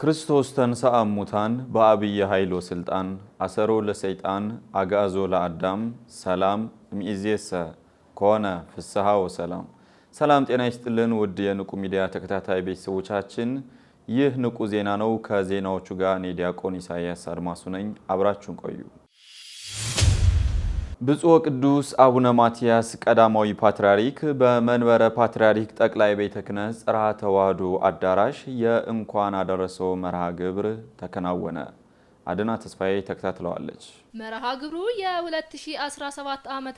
ክርስቶስ ተንሥአ እሙታን በአብይ ኃይሎ ስልጣን አሰሮ ለሰይጣን አግዓዞ ለአዳም ሰላም እምይእዜሰ ኮነ ፍስሐ ወሰላም። ሰላም ጤና ይስጥልን ውድ የንቁ ሚዲያ ተከታታይ ቤተሰቦቻችን፣ ይህ ንቁ ዜና ነው። ከዜናዎቹ ጋር እኔ ዲያቆን ኢሳያስ አድማሱ ነኝ። አብራችሁን ቆዩ። ብፁዕ ቅዱስ አቡነ ማትያስ ቀዳማዊ ፓትርያርክ በመንበረ ፓትርያርክ ጠቅላይ ቤተ ክህነት ጽርሐ ተዋሕዶ አዳራሽ የእንኳን አደረሰው መርሃ ግብር ተከናወነ። አድና ተስፋዬ ተከታትለዋለች። መርሃ ግብሩ የ2017 ዓ ም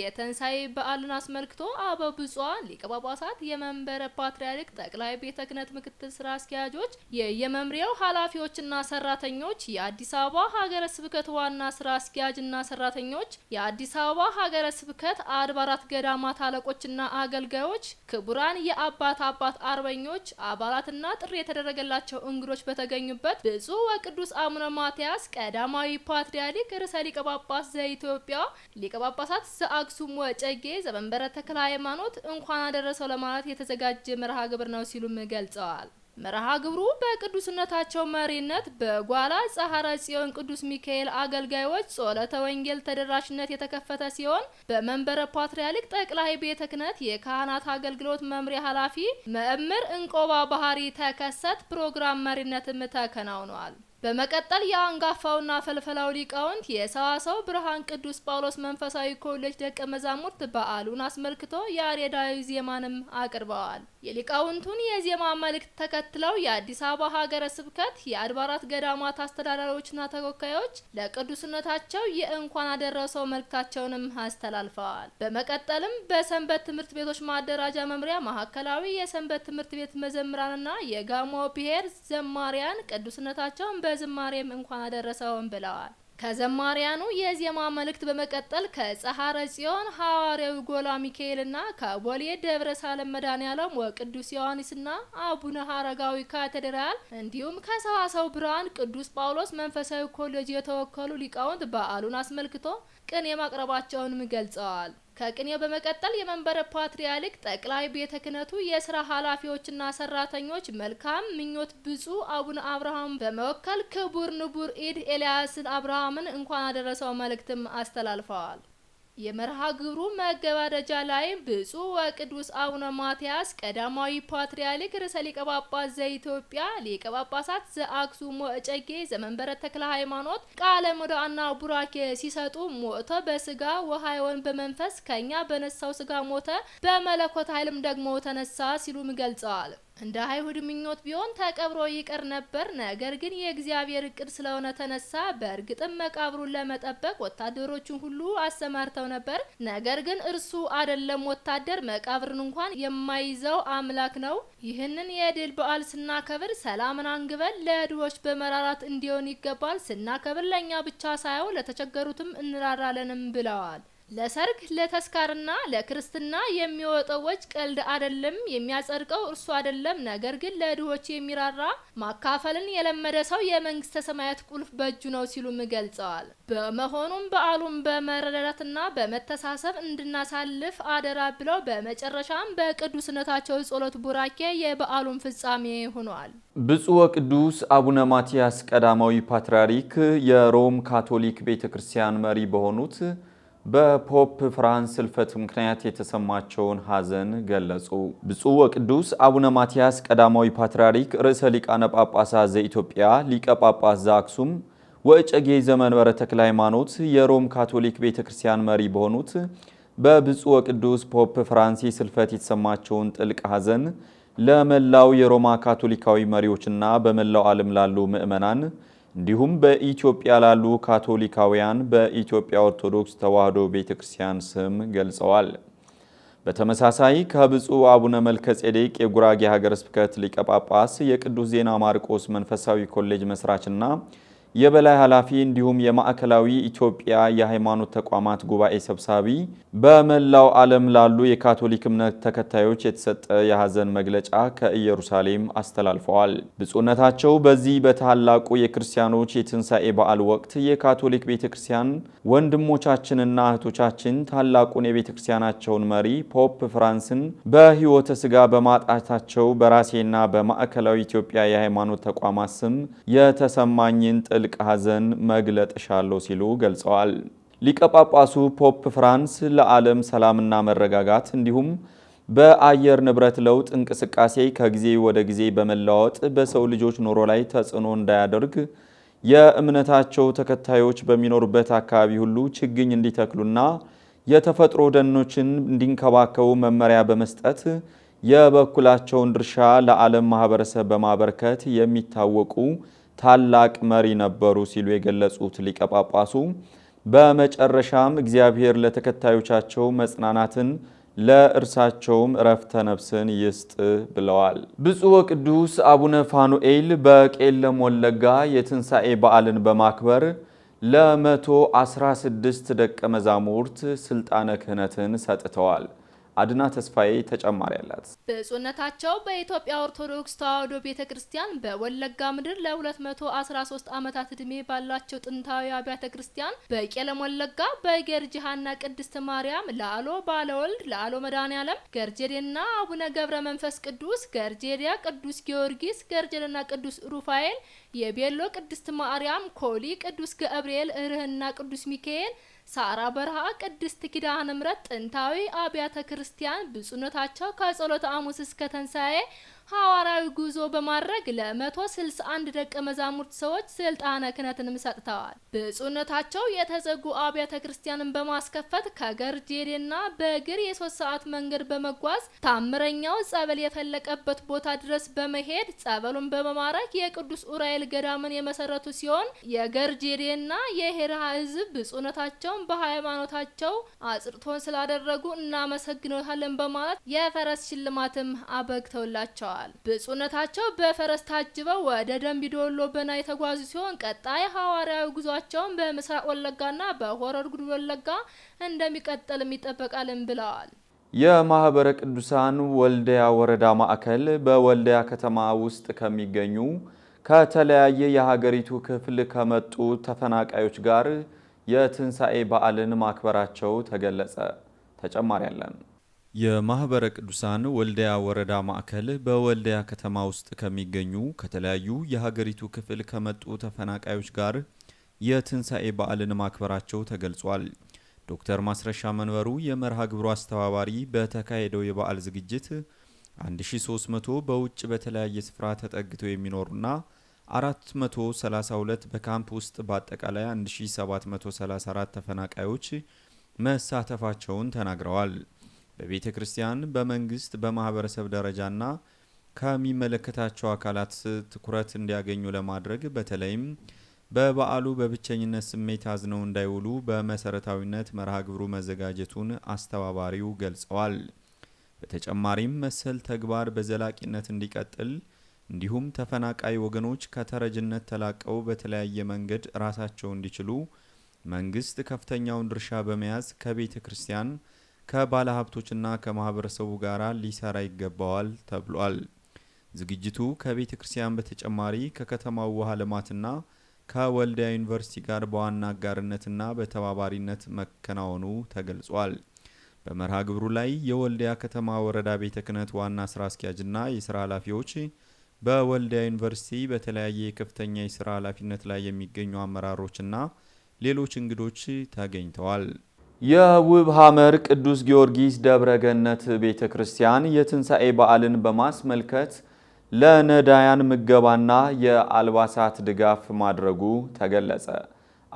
የትንሣኤ በዓልን አስመልክቶ አበ ብፁዓን ሊቀ ጳጳሳት፣ የመንበረ ፓትርያርክ ጠቅላይ ቤተ ክህነት ምክትል ስራ አስኪያጆች፣ የየመምሪያው ኃላፊዎችና ሰራተኞች፣ የአዲስ አበባ ሀገረ ስብከት ዋና ስራ አስኪያጅና ሰራተኞች፣ የአዲስ አበባ ሀገረ ስብከት አድባራት ገዳማት አለቆችና አገልጋዮች፣ ክቡራን የአባት አባት አርበኞች አባላትና ጥሪ የተደረገላቸው እንግዶች በተገኙበት ብፁዕ ወቅዱስ አቡነ ማቲያስ ቀዳማዊ ፓትርያርክ ርዕሰ ሊቀ ጳጳስ ዘኢትዮጵያ ሊቀ ጳጳሳት ዘአክሱም ወጨጌ ዘመንበረ ተክለ ሃይማኖት እንኳን አደረሰው ለማለት የተዘጋጀ መርሃ ግብር ነው ሲሉም ገልጸዋል። መርሃ ግብሩ በቅዱስነታቸው መሪነት በጓላ ጸሐረ ጽዮን ቅዱስ ሚካኤል አገልጋዮች ጾለተ ወንጌል ተደራሽነት የተከፈተ ሲሆን በመንበረ ፓትርያርክ ጠቅላይ ቤተ ክህነት የካህናት አገልግሎት መምሪያ ኃላፊ መእምር እንቆባ ባህሪ ተከሰት ፕሮግራም መሪነትም ተከናውኗል። በመቀጠል የአንጋፋውና ፈልፈላው ሊቃውንት የሰዋሰው ብርሃን ቅዱስ ጳውሎስ መንፈሳዊ ኮሌጅ ደቀ መዛሙርት በዓሉን አስመልክቶ ያሬዳዊ ዜማንም አቅርበዋል። የሊቃውንቱን የዜማ መልእክት ተከትለው የአዲስ አበባ ሀገረ ስብከት የአድባራት ገዳማት አስተዳዳሪዎችና ተወካዮች ለቅዱስነታቸው የእንኳን አደረሰው መልእክታቸውንም አስተላልፈዋል። በመቀጠልም በሰንበት ትምህርት ቤቶች ማደራጃ መምሪያ ማዕከላዊ የሰንበት ትምህርት ቤት መዘምራንና የጋሞ ብሔር ዘማሪያን ቅዱስነታቸውን በ በዝማሬም እንኳን አደረሰውን ብለዋል። ከዘማሪያኑ የዜማ መልእክት በመቀጠል ከጸሐረ ጽዮን ሐዋርያዊ ጎላ ሚካኤልና ከቦሌ ደብረ ሳለም መድኃኔዓለም ወቅዱስ ዮሐንስና አቡነ ሀረጋዊ ካቴድራል እንዲሁም ከሰዋሰው ብርሃን ቅዱስ ጳውሎስ መንፈሳዊ ኮሌጅ የተወከሉ ሊቃውንት በዓሉን አስመልክቶ ቅኔ ማቅረባቸውንም ገልጸዋል። ከቅኔ በመቀጠል የመንበረ ፓትርያርክ ጠቅላይ ቤተ ክህነቱ የስራ ኃላፊዎችና ሰራተኞች መልካም ምኞት ብፁዕ አቡነ አብርሃም በመወከል ክቡር ንቡር ኢድ ኤልያስን አብርሃምን እንኳን አደረሰው መልእክትም አስተላልፈዋል። የመርሃ ግብሩ መገባደጃ ላይም ብፁዕ ወቅዱስ አቡነ ማትያስ ቀዳማዊ ፓትርያርክ ርዕሰ ሊቀ ጳጳስ ዘኢትዮጵያ ሊቀ ጳጳሳት ዘአክሱም ወእጨጌ ዘመንበረ ተክለ ሃይማኖት ቃለ ምዕዳንና ቡራኬ ሲሰጡ ሞተ በስጋ ወሃይወን በመንፈስ ከእኛ በነሳው ስጋ ሞተ በመለኮት ኃይልም ደግሞ ተነሳ ሲሉም ገልጸዋል። እንደ አይሁድ ምኞት ቢሆን ተቀብሮ ይቀር ነበር። ነገር ግን የእግዚአብሔር እቅድ ስለሆነ ተነሳ። በእርግጥም መቃብሩን ለመጠበቅ ወታደሮቹን ሁሉ አሰማርተው ነበር። ነገር ግን እርሱ አደለም ወታደር፣ መቃብርን እንኳን የማይዘው አምላክ ነው። ይህንን የድል በዓል ስናከብር ሰላምን አንግበን ለድሆች በመራራት እንዲሆን ይገባል። ስናከብር ለእኛ ብቻ ሳይሆን ለተቸገሩትም እንራራለንም ብለዋል። ለሰርግ ለተስካርና ለክርስትና የሚወጣው ወጭ ቀልድ አይደለም። የሚያጸድቀው እርሱ አይደለም ነገር ግን ለድሆች የሚራራ ማካፈልን የለመደ ሰው የመንግስተ ሰማያት ቁልፍ በእጁ ነው ሲሉም ገልጸዋል። በመሆኑም በዓሉን በመረዳዳትና በመተሳሰብ እንድናሳልፍ አደራ ብለው በመጨረሻም በቅዱስነታቸው ጸሎት ቡራኬ የበዓሉን ፍጻሜ ሆኗል። ብፁዕ ወቅዱስ አቡነ ማትያስ ቀዳማዊ ፓትርያርክ የሮም ካቶሊክ ቤተ ክርስቲያን መሪ በሆኑት በፖፕ ፍራንስ ስልፈት ምክንያት የተሰማቸውን ሐዘን ገለጹ። ብፁዕ ወቅዱስ አቡነ ማትያስ ቀዳማዊ ፓትርያርክ ርዕሰ ሊቃነ ጳጳሳት ዘኢትዮጵያ ሊቀ ጳጳስ ዘአክሱም ወእጨጌ ዘመንበረ ተክለ ሃይማኖት የሮም ካቶሊክ ቤተ ክርስቲያን መሪ በሆኑት በብፁዕ ወቅዱስ ፖፕ ፍራንሲስ ስልፈት የተሰማቸውን ጥልቅ ሐዘን ለመላው የሮማ ካቶሊካዊ መሪዎችና በመላው ዓለም ላሉ ምዕመናን እንዲሁም በኢትዮጵያ ላሉ ካቶሊካውያን በኢትዮጵያ ኦርቶዶክስ ተዋሕዶ ቤተ ክርስቲያን ስም ገልጸዋል። በተመሳሳይ ከብፁዕ አቡነ ጼዴቅ የጉራጌ ሀገረ ስብከት ሊቀ ጳጳስ የቅዱስ ዜና ማርቆስ መንፈሳዊ ኮሌጅ መስራችና የበላይ ኃላፊ እንዲሁም የማዕከላዊ ኢትዮጵያ የሃይማኖት ተቋማት ጉባኤ ሰብሳቢ በመላው ዓለም ላሉ የካቶሊክ እምነት ተከታዮች የተሰጠ የሐዘን መግለጫ ከኢየሩሳሌም አስተላልፈዋል። ብፁዕነታቸው በዚህ በታላቁ የክርስቲያኖች የትንሣኤ በዓል ወቅት የካቶሊክ ቤተ ክርስቲያን ወንድሞቻችንና እህቶቻችን ታላቁን የቤተ ክርስቲያናቸውን መሪ ፖፕ ፍራንስን በሕይወተ ሥጋ በማጣታቸው በራሴና በማዕከላዊ ኢትዮጵያ የሃይማኖት ተቋማት ስም የተሰማኝን ጥል ጥልቅ ሐዘን መግለጥ ሻለው ሲሉ ገልጸዋል። ሊቀ ጳጳሱ ፖፕ ፍራንስ ለዓለም ሰላምና መረጋጋት እንዲሁም በአየር ንብረት ለውጥ እንቅስቃሴ ከጊዜ ወደ ጊዜ በመለዋወጥ በሰው ልጆች ኑሮ ላይ ተጽዕኖ እንዳያደርግ የእምነታቸው ተከታዮች በሚኖሩበት አካባቢ ሁሉ ችግኝ እንዲተክሉና የተፈጥሮ ደኖችን እንዲንከባከቡ መመሪያ በመስጠት የበኩላቸውን ድርሻ ለዓለም ማህበረሰብ በማበርከት የሚታወቁ ታላቅ መሪ ነበሩ ሲሉ የገለጹት ሊቀ ጳጳሱ በመጨረሻም እግዚአብሔር ለተከታዮቻቸው መጽናናትን ለእርሳቸውም እረፍተ ነፍስን ይስጥ ብለዋል። ብፁዕ ወቅዱስ አቡነ ፋኑኤል በቄለም ወለጋ የትንሣኤ በዓልን በማክበር ለመቶ 16 ደቀ መዛሙርት ሥልጣነ ክህነትን ሰጥተዋል። አድና ተስፋዬ ተጨማሪ አላት። ብፁዕነታቸው በኢትዮጵያ ኦርቶዶክስ ተዋሕዶ ቤተ ክርስቲያን በወለጋ ምድር ለ213 ዓመታት ዕድሜ ባላቸው ጥንታዊ አብያተ ክርስቲያን በቄለም ወለጋ፣ በጌርጅሃና ቅድስት ማርያም፣ ለአሎ ባለወልድ፣ ለአሎ ዓለም ገርጄዴና አቡነ ገብረ መንፈስ ቅዱስ፣ ገርጄዲያ ቅዱስ ጊዮርጊስ፣ ገርጄዴና ቅዱስ ሩፋኤል፣ የቤሎ ቅድስት ማርያም፣ ኮሊ ቅዱስ ገብርኤል፣ እርህና ቅዱስ ሚካኤል ሳራ በረሃ ቅድስት ኪዳነ ምሕረት ጥንታዊ አብያተ ክርስቲያን ብፁዕነታቸው ከጸሎተ ሐሙስ እስከ ተንሳኤ ሐዋርያዊ ጉዞ በማድረግ ለ161 ደቀ መዛሙርት ሰዎች ስልጣነ ክህነትንም ሰጥተዋል። ብፁዕነታቸው የተዘጉ አብያተ ክርስቲያንን በማስከፈት ከገርጄዴና በእግር የሶስት ሰዓት መንገድ በመጓዝ ታምረኛው ጸበል የፈለቀበት ቦታ ድረስ በመሄድ ጸበሉን በመማረክ የቅዱስ ኡራኤል ገዳምን የመሰረቱ ሲሆን የገርጄዴና የሄራ ህዝብ ብፁዕነታቸውን በሃይማኖታቸው አጽርቶን ስላደረጉ እናመሰግኖታለን በማለት የፈረስ ሽልማትም አበግተውላቸዋል። ተገኝተዋል። ብፁዕነታቸው በፈረስ ታጅበው ወደ ደንብ ዶሎ በና የተጓዙ ሲሆን ቀጣይ ሐዋርያዊ ጉዟቸውን በምስራቅ ወለጋና በሆረር ጉድ ወለጋ እንደሚቀጥልም ይጠበቃልም ብለዋል። የማህበረ ቅዱሳን ወልዲያ ወረዳ ማዕከል በወልዳያ ከተማ ውስጥ ከሚገኙ ከተለያየ የሀገሪቱ ክፍል ከመጡ ተፈናቃዮች ጋር የትንሣኤ በዓልን ማክበራቸው ተገለጸ። ተጨማሪ አለን። የማህበረ ቅዱሳን ወልዲያ ወረዳ ማዕከል በወልዲያ ከተማ ውስጥ ከሚገኙ ከተለያዩ የሀገሪቱ ክፍል ከመጡ ተፈናቃዮች ጋር የትንሣኤ በዓልን ማክበራቸው ተገልጿል። ዶክተር ማስረሻ መንበሩ የመርሃ ግብሩ አስተባባሪ በተካሄደው የበዓል ዝግጅት 1300 በውጭ በተለያየ ስፍራ ተጠግተው የሚኖሩና 432 በካምፕ ውስጥ በአጠቃላይ 1734 ተፈናቃዮች መሳተፋቸውን ተናግረዋል። በቤተ ክርስቲያን፣ በመንግስት፣ በማህበረሰብ ደረጃና ከሚመለከታቸው አካላት ትኩረት እንዲያገኙ ለማድረግ በተለይም በበዓሉ በብቸኝነት ስሜት አዝነው እንዳይውሉ በመሰረታዊነት መርሃ ግብሩ መዘጋጀቱን አስተባባሪው ገልጸዋል። በተጨማሪም መሰል ተግባር በዘላቂነት እንዲቀጥል እንዲሁም ተፈናቃይ ወገኖች ከተረጅነት ተላቀው በተለያየ መንገድ ራሳቸው እንዲችሉ መንግስት ከፍተኛውን ድርሻ በመያዝ ከቤተ ክርስቲያን ከባለሀብቶችና ከማህበረሰቡ ጋር ሊሰራ ይገባዋል ተብሏል። ዝግጅቱ ከቤተ ክርስቲያን በተጨማሪ ከከተማው ውሃ ልማትና ከወልዲያ ዩኒቨርሲቲ ጋር በዋና አጋርነትና በተባባሪነት መከናወኑ ተገልጿል። በመርሃ ግብሩ ላይ የወልዲያ ከተማ ወረዳ ቤተ ክህነት ዋና ስራ አስኪያጅና የስራ ኃላፊዎች፣ በወልዲያ ዩኒቨርሲቲ በተለያየ የከፍተኛ የስራ ኃላፊነት ላይ የሚገኙ አመራሮችና ሌሎች እንግዶች ተገኝተዋል። የውብ ሐመር ቅዱስ ጊዮርጊስ ደብረ ገነት ቤተ ክርስቲያን የትንሣኤ በዓልን በማስመልከት ለነዳያን ምገባና የአልባሳት ድጋፍ ማድረጉ ተገለጸ።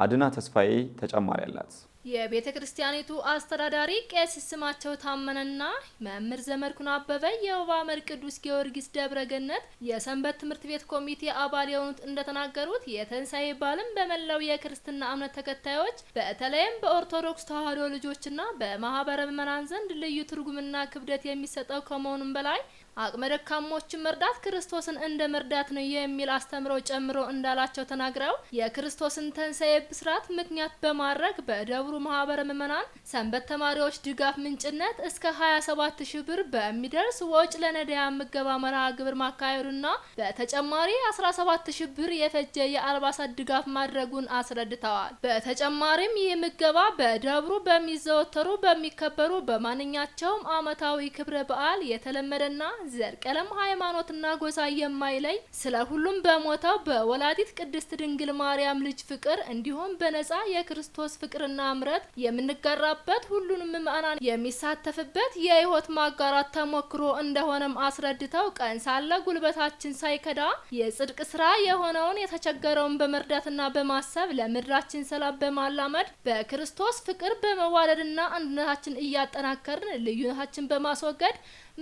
አድና ተስፋዬ ተጨማሪ አላት። የቤተ ክርስቲያኒቱ አስተዳዳሪ ቄስ ስማቸው ታመነና መምህር ዘመድኩን አበበ የወባ መር ቅዱስ ጊዮርጊስ ደብረ ገነት የሰንበት ትምህርት ቤት ኮሚቴ አባል የሆኑት እንደተናገሩት የትንሳኤ በዓልን በመላው የክርስትና እምነት ተከታዮች በተለይም በኦርቶዶክስ ተዋሕዶ ልጆችና በማህበረ ምዕመናን ዘንድ ልዩ ትርጉምና ክብደት የሚሰጠው ከመሆኑም በላይ አቅመ ደካሞችን መርዳት ክርስቶስን እንደ መርዳት ነው የሚል አስተምሮ ጨምሮ እንዳላቸው ተናግረው የክርስቶስን ተንሳኤ ብስራት ምክንያት በማድረግ በደብሩ ማህበረ ምእመናን ሰንበት ተማሪዎች ድጋፍ ምንጭነት እስከ 27 ሺህ ብር በሚደርስ ወጪ ለነዳያ ምገባ መርሃ ግብር ማካሄዱና በተጨማሪ 17 ሺህ ብር የፈጀ የአልባሳት ድጋፍ ማድረጉን አስረድተዋል። በተጨማሪም ይህ ምገባ በደብሩ በሚዘወተሩ በሚከበሩ በማንኛቸውም ዓመታዊ ክብረ በዓል የተለመደና ዘር፣ ቀለም፣ ሃይማኖትና ጎሳ የማይለይ ስለ ሁሉም በሞተው በወላዲት ቅድስት ድንግል ማርያም ልጅ ፍቅር እንዲሁም በነጻ የክርስቶስ ፍቅርና እምረት የምንጋራበት ሁሉንም ምእመናን የሚሳተፍበት የህይወት ማጋራት ተሞክሮ እንደሆነም አስረድተው ቀን ሳለ ጉልበታችን ሳይከዳ የጽድቅ ስራ የሆነውን የተቸገረውን በመርዳትና በማሰብ ለምድራችን ሰላም በማላመድ በክርስቶስ ፍቅር በመዋደድና አንድነታችን እያጠናከርን ልዩነታችን በማስወገድ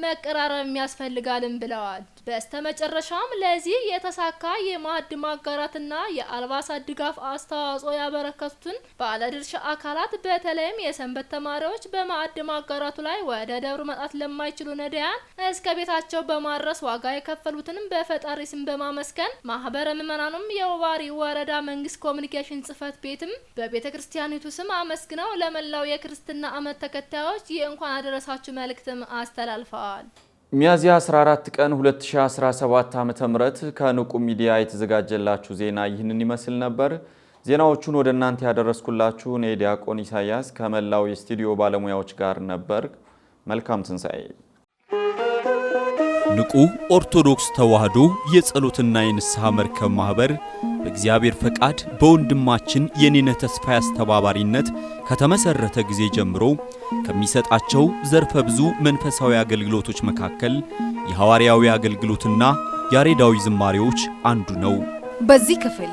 መቀራረብ የሚያስፈልጋልን ብለዋል። በስተመጨረሻም ለዚህ የተሳካ የማዕድ ማጋራትና የአልባሳት ድጋፍ አስተዋጽኦ ያበረከቱትን ባለድርሻ አካላት በተለይም የሰንበት ተማሪዎች በማዕድ ማጋራቱ ላይ ወደ ደብር መጣት ለማይችሉ ነዳያን እስከ ቤታቸው በማድረስ ዋጋ የከፈሉትንም በፈጣሪ ስም በማመስገን ማህበረ ምዕመናኑም የወባሪ ወረዳ መንግስት ኮሚኒኬሽን ጽህፈት ቤትም በቤተ ክርስቲያኒቱ ስም አመስግነው ለመላው የክርስትና እምነት ተከታዮች የእንኳን አደረሳችሁ መልእክትም አስተላልፈዋል። ገልጸዋል። ሚያዝያ 14 ቀን 2017 ዓ.ም ከንቁ ሚዲያ የተዘጋጀላችሁ ዜና ይህንን ይመስል ነበር። ዜናዎቹን ወደ እናንተ ያደረስኩላችሁ እኔ ዲያቆን ኢሳያስ ከመላው የስቱዲዮ ባለሙያዎች ጋር ነበር። መልካም ትንሣኤ። ንቁ ኦርቶዶክስ ተዋህዶ የጸሎትና የንስሐ መርከብ ማኅበር በእግዚአብሔር ፈቃድ በወንድማችን የኔነ ተስፋዬ አስተባባሪነት ከተመሰረተ ጊዜ ጀምሮ ከሚሰጣቸው ዘርፈ ብዙ መንፈሳዊ አገልግሎቶች መካከል የሐዋርያዊ አገልግሎትና ያሬዳዊ ዝማሬዎች አንዱ ነው። በዚህ ክፍል